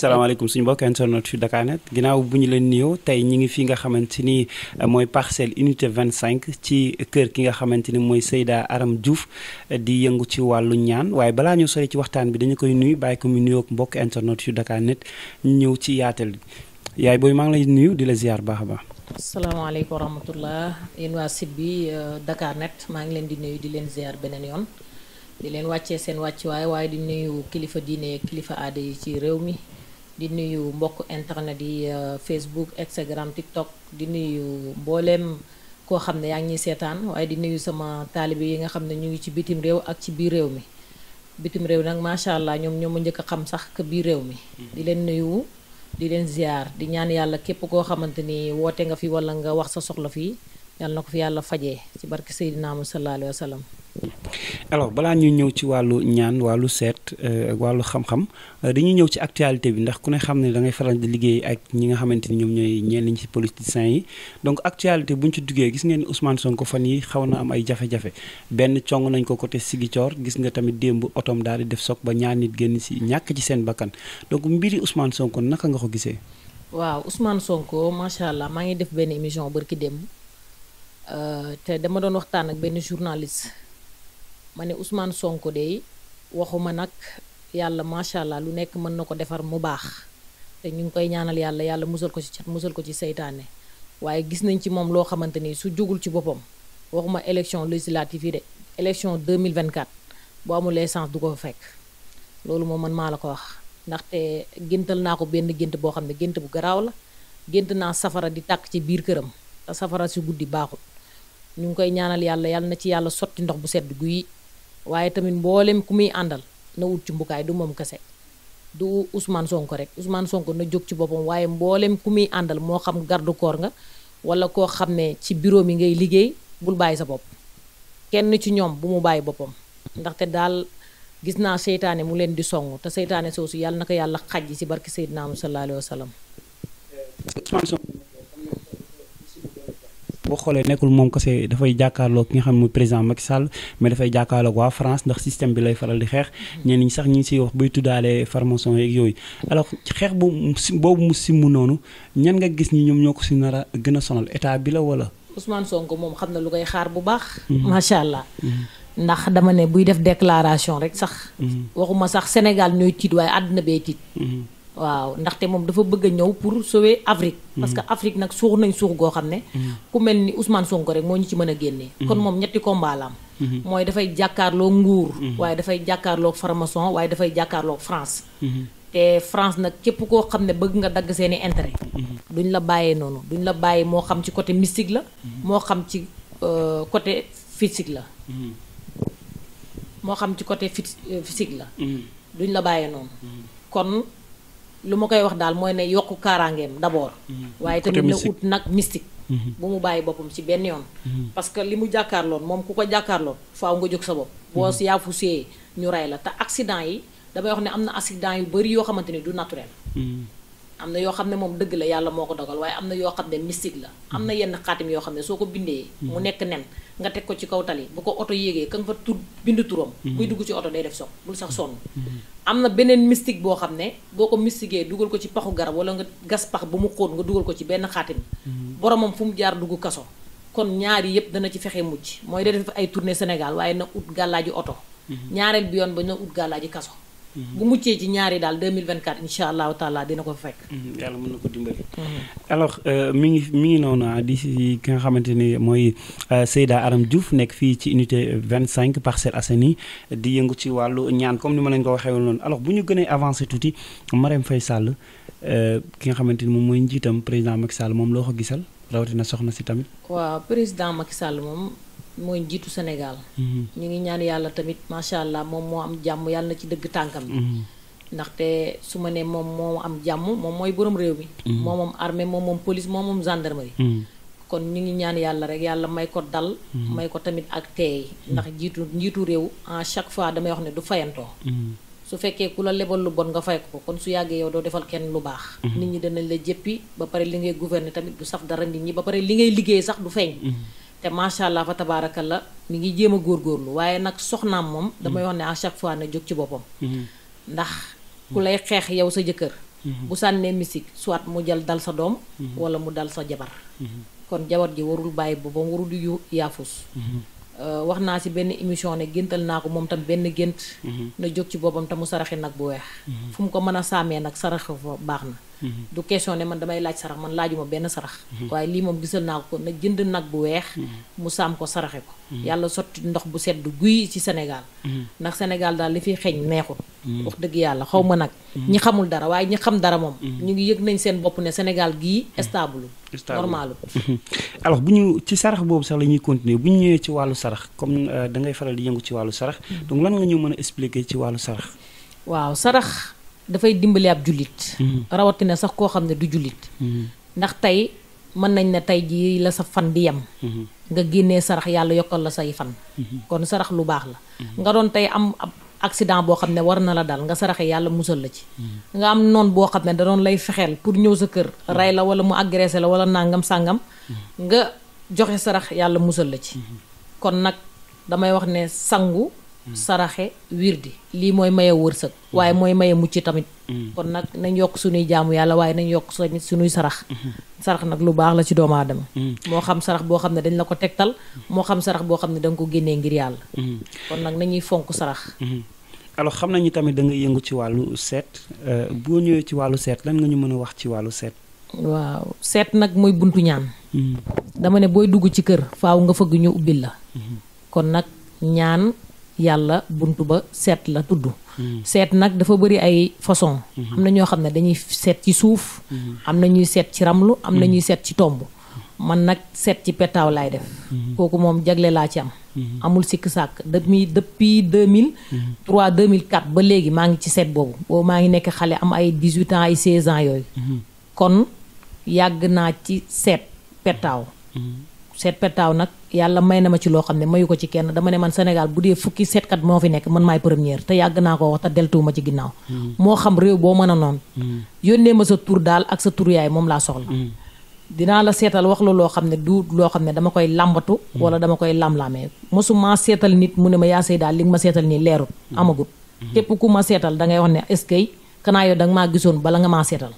salaamaaleykum suñu mbokk internet yu Dakarnet ginnaaw bu ñu leen nuyoo tey ñi ngi fi nga xamante ni euh, mooy parcelle unité 25 ci kër ki nga xamante ni mooy seydaa Aram Diouf euh, di yëngu ci wàllu ñaan waaye balaa ñu sori ci waxtaan bi dañu koy nuyu bàyyi ko mu nuyoog mbokk internet yu Dakarnet ñu ñëw ci yaatal bi yaay booy maa ngi lay nuyu di la ziar baax a baax. salaamaaleykum wa rahmatullah yéen waa site bi euh, Dakarnet maa ngi leen di nuyu di leen ziar beneen yoon. di leen wàccee seen wàccuwaay waaye di nuyu kilifa diine kilifa aada yi ci réew mi di nuyu mbokk internet yi euh, Facebook Instagram TikTok di nuyu mbooleem koo xam ne yaa ngi ñuy seetaan waaye di nuyu sama taalibe yi nga xam ne ñu ngi ci bitim réew ak ci biir réew mi bitim réew nag macha allah ñoom ñoom ma njëkk a xam sax que biir réew mi. Mm-hmm. di leen nuyu di leen ziar di ñaan yàlla képp koo xamante ni woote nga fi wala nga wax sa soxla fii yàlla na ko fi yàlla fajee ci barke Seydina naa sallallahu alayhi wa alors balaa ñu ñëw ci wàllu ñaan wàllu seet euh, ak wàllu xam-xam euh, ñu ñëw ci actualité bi ndax ku ne xam ne da ngay faral di liggéey ak ñi nga xamante ni ñoom ñooy ñenn ñi ci politiciens yi donc actualité bu ñu ci duggee gis ngeen ni Ousmane Sonko fan yi xaw am ay jafe-jafe benn nañ ko côté Ziguinchor gis nga tamit démb otoom daal di def soog ba ñaar nit génn si ñàkk ci seen bakkan donc mbiri Ousmane Sonko naka nga ko gisee. waaw Ousmane Sonko macha allah maa ngi def benn émission barki démb euh, te dama doon waxtaan ak benn journaliste. ma ne Ousmane Sonko de waxuma nag yàlla macha allah lu nekk mën na ko defar mu baax te ñu ngi koy ñaanal yàlla yàlla musal ko ci cat musal ko ci seytaane waaye gis nañ ci moom loo xamante ni su jugul ci boppam waxuma élection législative yi de vingt 2024 boo amul essence du ko fekk loolu moom man maa la ko wax ndaxte géntal naa ko benn gént boo xam ne gént bu garaaw la gént naa safara di tàkk ci biir këram te safara si guddi baaxul ñu ngi koy ñaanal yàlla yàlla na ci yàlla sotti ndox bu sedd guyi waaye tamit mboolem ku muy àndal na wut ci mbukaay du moom kase du Ousmane sonk rek Ousmane sonk na jóg ci boppam waaye mboolem ku muy àndal moo xam garde corps nga wala koo xam ne ci bureau mi ngay liggéey bul bàyyi sa bopp kenn ci ñoom bu mu bàyyi boppam ndaxte daal gis naa seytaane mu leen di song te seytaane soosu yàlla na ko yàlla xaj ci barke Seydina naa sallallahu alayhi wa sallam boo xoolee nekkul moom kese dafay jàkkaarloo ki nga xam ne mooy président Macky Sall mais dafay jàkkaarloo waa France ndax système bi lay faral di xeex mm-hmm. ñenn ñi sax ñu ngi wax buy tuddaale formation yooyu alors xeex boobu mu simmu noonu ñan nga gis ñi ñoom ñoo ko si nar gën a sonal état bi la wala Ousmane Sonko moom xam na lu koy xaar bu baax mm-hmm. macha allah mm-hmm. ndax dama ne buy def déclaration rek sax waxuma sax Sénégal ñooy tiit waaye àdduna bee tiit waaw ndaxte moom dafa bëgg a ñëw pour sauver Afrique mm-hmm. parce que Afrique nag suux nañ suux goo xam ne mm-hmm. ku mel ni Ousmane Sonko rek moo ñu ci mën a génnee mm-hmm. kon moom ñetti combat mooy dafay jàkkaarloo nguur waaye dafay jàkkaarloo franc-maçon waaye dafay jàkkaarloo France te France nag képp koo xam ne bëgg nga dagg seeni intérêt duñ la bàyyee noonu duñ la bàyyi moo xam ci côté mystique la euh, moo xam ci côté euh, physique la moo xam ci côté physique la duñ la bàyyee noonu kon lu ma koy wax daal mooy ne yokk kaaraangeem d'abord. Mhm. waaye tamit na nag mystique. Mhm. bu mu bàyyi boppam ci benn yoon. Mhm. parce que li mu jàkkaarloon moom ku ko jàkkaarloon faaw nga jóg sa bopp. boo yaafu see ñu rey la te accident yi damay wax ne am na accident yu bari yoo xamante ni du naturel. am na yoo xam ne moom dëgg la yàlla moo ko dogal waaye am na yoo xam ne mystique la am na yenn xaatim yoo xam ne soo ko bindee mu mm-hmm. nekk nen nga teg ko ci kaw tali bu ko oto yéegee ka nga fa tur bind turam mm-hmm. buy dugg ci oto day def sox bul sax sonn mm-hmm. am na beneen mystique boo xam ne boo ko dugal ko ci paxu garab wala nga gas bu mu xóot nga dugal ko ci benn xaatim boromam fu mu jaar dugg kaso kon ñaar yëpp dana ci fexe mujj mooy day def ay tournée Sénégal waaye na ut gàllaaji oto ñaareel bi yoon ba na ut gàllaaji kaso Mhm. bu muccee ci ñaari daal 2024 incha allahu taala dina ko fekk. Mhm. yàlla mën na ko dimbali. Mhm. alors euh, mi ngi mi ngi noonu ah, di si ki nga xamante ni mooy euh, Seyda Aram Diouf nekk fii ci unité 25 Parcelles Assainies di yëngu ci wàllu ñaan comme ni ma leen ko waxee woon noonu alors bu ñu gënee avancé tuuti Marème Faye Sall euh, ki nga xamante ni moom mooy njiitam président Macky Sall moom loo ko gisal rawatina soxna si tamit. waaw président Macky mooy njiitu Sénégal. Mhm. ñu ngi ñaan yàlla tamit macha allah moom moo am jàmm yàlla na ci dëgg tànkam. Mhm. ndaxte su ma nee moom moo am jàmm moom mooy borom réew mi. Mhm. moom moom armée moom moom police moom moom gendarmerie. kon ñu ngi ñaan yàlla rek yàlla may ko dal. may ko tamit ak teey ndax njiitu njiitu réew en chaque fois damay wax ne du fayantoo. su fekkee ku la lebal lu bon nga fay ko kon su yàggee yow doo defal kenn lu baax. nit ñi danañ la jëppi ba pare li ngay gouverner tamit du dara nit ñi ba pare li ngay liggéey sax du feeñ. te macha allah fa la mu ngi jéem a góorgóorlu waaye nag soxnaam moom. Mhm. damay wax ne à chaque fois na jóg ci boppam. Mhm. ndax ku lay xeex yow sa jëkkër. Mhm. bu sànnee misik soit mu jël dal sa doom. wala mu dal sa jabar. kon jabar ji warul bàyyi boppam warul yu yaafus. Euh, wax naa si benn émission ne géntal naa ko moom tam benn gént. na jóg ci boppam te mu saraxi nag bu weex. fu mu ko mën a sàmmee nag sarax fa baax na. Mm-hmm. du question ne man damay laaj sarax man laajuma benn sarax mm-hmm. waaye lii moom gisal naa ko na jënd nag bu weex mm-hmm. mu saam ko saraxe ko yàlla sotti ndox bu sedd guy ci Sénégal ndax Sénégal daal li fiy xeeñ neexut wax dëgg yàlla xaw ma nag ñi xamul dara waaye ñi xam dara moom ñu ngi yëg nañ seen bopp ne Sénégal gii stable normal alors bu ñu ci sarax boobu sax la ñuy continuer bu ñu ñëwee ci wàllu sarax comme euh, da ngay faral di yëngu ci wàllu sarax donc ci wàllu sarax dafay dimbali ab jullit. Mm-hmm. rawatina sax koo xam ne du jullit. Mm-hmm. ndax tey mën nañ ne tey jii la sa fan di yem. Mm-hmm. nga génne sarax yàlla yokkal la say fan. kon sarax lu baax la. nga doon tey am ab accident boo xam ne war na la dal nga saraxe yàlla musal la ci. nga am noon boo xam ne da doon lay fexeel pour ñëw sa kër. rey la wala mu agressé la wala nàngam sàngam. nga joxe sarax yàlla musal la ci. kon nag damay wax ne sangu. Mm. saraxe wirdi lii mooy maye wërsëg mm. waaye mooy maye mucc tamit mm. kon nag nañ yokk suñuy jaamu yàlla waaye nañ yokk suñuy suñuy sarax mm-hmm. sarax nag lu baax la ci doomu aadama moo xam sarax boo xam ne dañ la ko tegtal moo xam sarax boo xam ne da ko génnee ngir yàlla mm-hmm. kon nag nañuy fonk sarax mm-hmm. alors xam nañu tamit danga yëngu ci wàllu seet euh, boo ñëwee ci wàllu seet lan nga ñu mën a wax ci wàllu seet waaw seet nag mooy buntu ñaan dama ne booy dugg ci kër faaw nga fëgg ñu ubbi la kon nag ñaan yàlla bunt ba seet la tudd hmm. seet nag dafa bëri ay façon hmm. am na ñoo xam ne dañuy seet ci suuf hmm. am na ñuy seet ci ramlu am na ñuy seet ci tomb man nag seet ci petaaw laay def kooku moom jagle laa ci am amul sikk sàkk depuis depuis deux mille trois deux mille quatre ba léegi maa ngi ci seet boobu boobu maa ngi nekk xale am ay dix huit ans ay seize ans yooyu kon yàgg naa ci seet petaaw seet pettaaw nag yàlla may na ma ci loo xam ne mayu ko ci kenn dama ne man Sénégal bu dee fukki seetkat moo fi nekk man maay première te yàgg naa ko wax te deltuwuma ci ginnaaw mm. moo xam réew boo mën a noonu mm. daal ak sa tur yaay moom laa soxla mm. dinaa la seetal wax la loo xam ne du loo xam ne dama koy làmbatu wala dama koy lamlamee mosuma seetal nit mu ne ma yaa sey daal li nga ma seetal nii leerut amagut képp ku ma seetal da ngay wax ne est-ce que maa gisoon bala nga maa seetal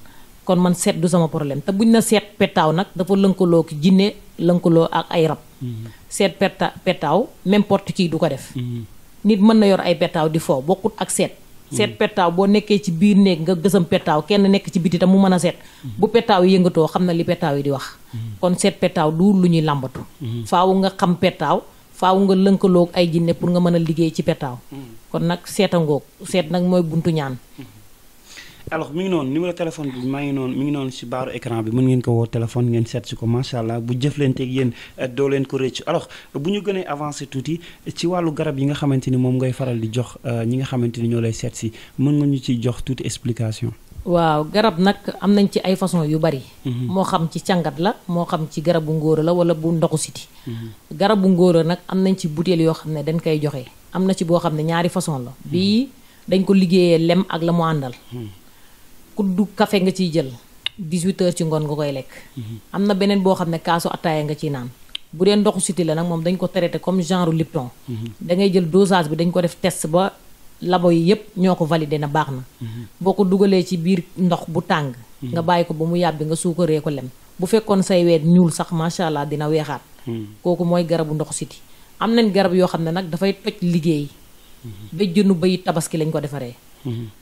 kon man seet du sama problème te buñ na seet pettaaw nag dafa lënkaloo ki jinne lënkaloo ak ay rab mm-hmm. seet petta pettaaw n'importe qui du ko def mm-hmm. nit mën na yor ay pettaaw di foo bokkut ak seet mm-hmm. seet pettaaw boo nekkee ci biir néeg nga gësam pettaaw kenn nekk ci biti tam mu mën a seet bu pettaaw yëngatoo xam na li pettaaw yi di wax kon seet pettaaw du lu ñuy làmbatu faaw nga xam pettaaw faaw nga lënkaloog ay jinne pour nga mën a liggéey ci pettaaw kon nag seetangoog alors mi ngi noonu numéro téléphone bi maa ngi noonu mi ngi noonu si baaru écran bi mën ngeen ko woo téléphone ngeen seet ko macha allah bu jëflanteeg yéen eh, doo leen ko rëcc alors bu ñu gënee avancé tuuti ci wàllu garab yi nga xamante ni moom ngay faral di jox eh, ñi nga xamante ni ñoo lay seet si mën nga ciy jox tuuti explication. waaw garab nag am nañ ci ay façon yu bari. Mhm. moo xam ci càngat la moo xam ci garabu ngóora la wala bu ndoxu siti. Mhm. garabu ngóora nag am nañ ci butéel yoo xam ne dañ koy joxe am na ci boo xam ne ñaari façon la. bii dañ ko liggéeyee lem ak la mu àndal. Mhm. du kafe nga ciy jël 18 heures ci ngoon nga koy lekk. Mhm. am na beneen boo xam ne kaasu attaaya nga ciy naan. bu dee ndoxu siti la nag moom dañ ko traité comme genre lipton. Mhm. da ngay jël dosage bi dañ ko def test ba labo yi yëpp ñoo ko validé na baax na. Mhm. boo ko dugalee ci biir ndox bu tàng. nga bàyyi ko ba mu yàbbi nga suukaree ko lem. bu fekkoon say weet ñuul sax macha allah dina weexaat. kooku mooy garabu ndoxu siti am nañ garab yoo xam ne nag dafay toj liggéey. ba jëndu bay tabaski lañ ko defaree.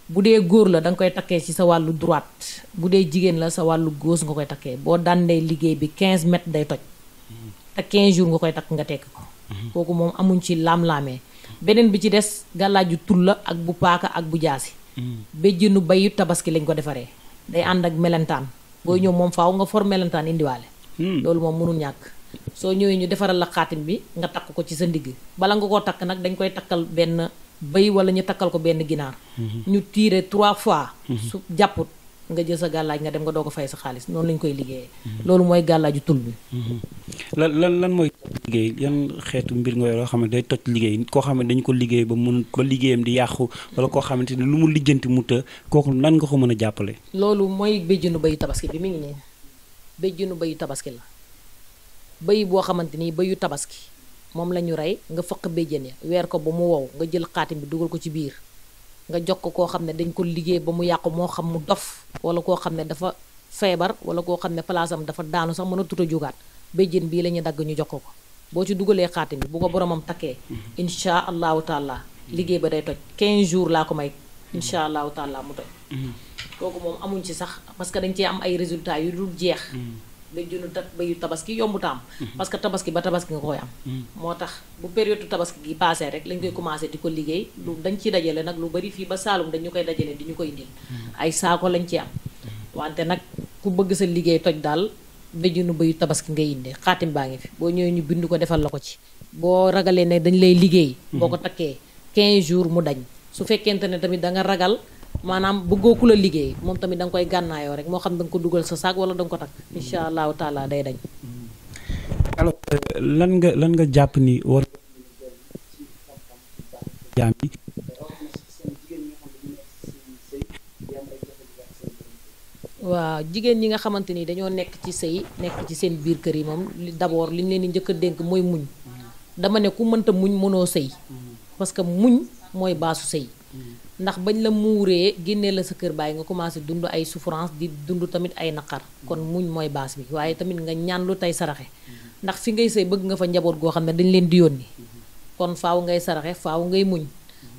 bu dee góor la da nga koy takkee ci sa wàllu droite bu dee jigéen la sa wàllu gauche nga koy takkee boo dàndee liggéey bi 15 mètres day toj te 15 jours nga koy takk nga tekk ko kooku moom amuñ ci laam-laamee beneen bi ci des gàllaaju tul la ak bu paaka ak bu jaasi béjjënu bayu tabaski lañ ko defaree day ànd ak melentaan booy ñëw moom faaw nga for melentaan indiwaale hmm. loolu moom mënul ñàkk soo ñëwee ñu defaral la bi nga takk ko ci sa ndigg bala nga koo takk nag dañ koy takkal benn béy wala ñu takkal ko benn ginaar. Mhm. ñu tiire trois fois. Mhm. su jàpput nga jël sa gàllaaj nga dem nga doo ko fay sa xaalis noonu lañ koy liggéeyee. Mhm. loolu mooy gàllaaju tul bi. lan lan mooy liggéey yan xeetu mbir nga yoo xam ne day toj liggéey koo xam ne dañu ko liggéey ba mun ba liggéeyam di yàqu wala koo xamante ni lu mu lijjanti mu të kooku nan nga ko mën a jàppale. loolu mooy béjjinu béyu tabaski bi mi ngi nii béjjinu béyu tabaski la béy boo xamante ni béyu tabaski. moom la ñu rey nga fëq béjjén ya weer ko ba mu wow nga jël xaatim bi dugal ko ci biir nga jox ko koo xam ne dañ ko liggéey ba mu yàqu moo xam mu dof wala koo xam ne dafa feebar wala koo xam ne palaasam dafa daanu sax mën a tuta jógaat béjjén bii la ñuy dagg ñu jox ko ko boo ci dugalee xaatim bi bu ko boromam takkee mhm. inchaa allahu taala liggéey ba day toj 15 jours laa ko may inchaa allahu taala mu toj mhm. kooku moom amuñ ci sax parce que dañ cee am ay résultats yu dul jeex mhm. nga jënd ta bayu tabaski yombu taam mm-hmm. parce que tabaski ba tabaski nga koy am mm-hmm. moo tax bu période tabaski gi passé rek lañ koy mm-hmm. commencé di ko liggéey lu dañ ciy dajale nag lu bari fii ba Saalum dañu koy dajale di ñu koy indil ay saako lañ ci am wante nag ku bëgg sa liggéey toj daal béjjunu bayu tabaski ngay indi xaatim baa ngi fi boo ñëwee ñu bind ko defal la ko ci boo ragalee ne dañ lay liggéey boo ko takkee 15 jours mu dañ su fekkente ne tamit da nga ragal maanaam bëggoo ku la liggéey moom tamit danga koy gànnaayoo rek moo xam da ko dugal sa saak wala da nga ko takk incha allahu taala day dañ. Euh, lan nga lan nga jàpp ni war. jaam yi. waaw jigéen ñi nga xamante ni dañoo nekk ci sëy nekk ci seen biir kër yi moom d'abord li ñu leen di njëkk a dénk mooy muñ dama ne ku mënta muñ mënoo sëy mm. parce que muñ mooy baasu sëy mm. ndax bañ la muuree génnee la sa kër bàyyi nga commencé dund ay soufrance di dundu tamit ay naqar kon muñ mooy baas bi waaye tamit nga ñaan lu tey saraxe ndax fi ngay sëy bëgg nga fa njaboot goo xam ne dañ leen di yónni kon faaw ngay saraxe faaw ngay muñ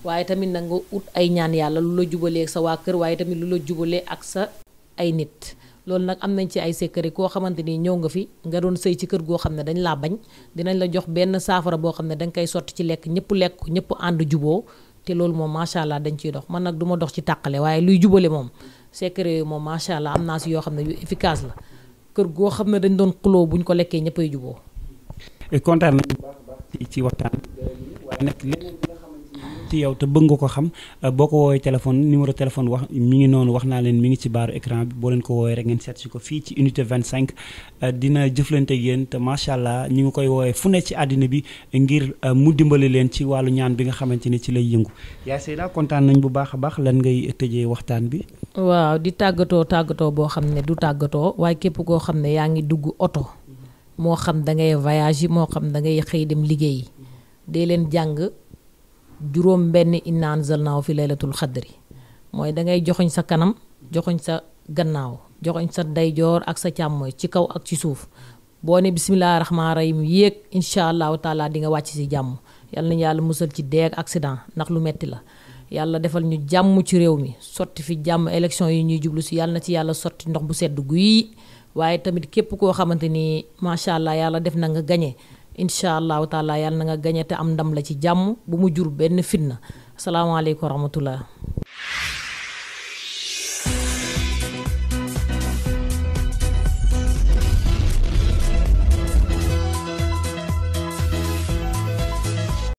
waaye tamit na ut ay ñaan yàlla lu la jubalee sa waa kër waaye tamit lu la jubalee ak sa ay nit loolu nag am nañ ci ay secret koo xamante ni ñëw nga fi nga doon sëy ci kër goo xam ne dañ laa bañ dinañ la jox benn saafara boo xam ne danga koy sotti ci lekk ñëpp lekk ñëpp ànd juboo te loolu moom macha allah dañ ciy dox man nag du ma dox ci tàqale waaye luy jubale moom secret yooyu moom macha allah am naa si yoo xam ne yu efficace la kër goo xam ne dañ doon xuloo buñ ko lekkee ñëppay juboo kontaan nañu baax baax ci waxtaan waaye nag leneen ci yow te bëgg nga ko xam euh, boo ko woowee téléphone numéro téléphone wax mi ngi noonu wax naa leen mi ngi ci baaru écran bi boo leen ko woowee rek ngeen seet ko fii ci unité 25 euh, dina jëflante yéen te macha allah ñu ngi koy woowee fu ne ci àddina bi ngir euh, mu dimbali leen ci wàllu ñaan bi nga xamante ni ci lay yëngu yaa Seyda kontaan nañ bu baax a baax lan ngay tëjee waxtaan bi waaw di tàggatoo tàggatoo boo xam ne du tàggatoo waaye képp koo xam ne yaa ngi dugg oto moo xam da ngay yi moo xam da xëy dem liggéey juróom benn inna anzalnaahu fi laylatul xadri mooy da ngay joxoñ sa kanam joxoñ sa gannaaw joxoñ sa ndeyjoor ak sa càmmooñ ci kaw ak ci suuf boo ne bisimilah rahmaani rahim yéeg incha allahu taala dinga wàcc si jàmm yal nañu yàlla musal ci deeg accident ndax lu metti la. yàlla defal ñu jàmm ci réew mi sotti fi jàmm élection yi ñuy jublu si yàlla na ci yàlla sotti ndox bu sedd guy waaye tamit képp koo xamante ni macha allah yàlla def na nga gañe incha allahu taala yàlla na nga gañe te am ndam la ci jàmm bu mu jur benn fitna asalaamaaleykum wa rahmatullah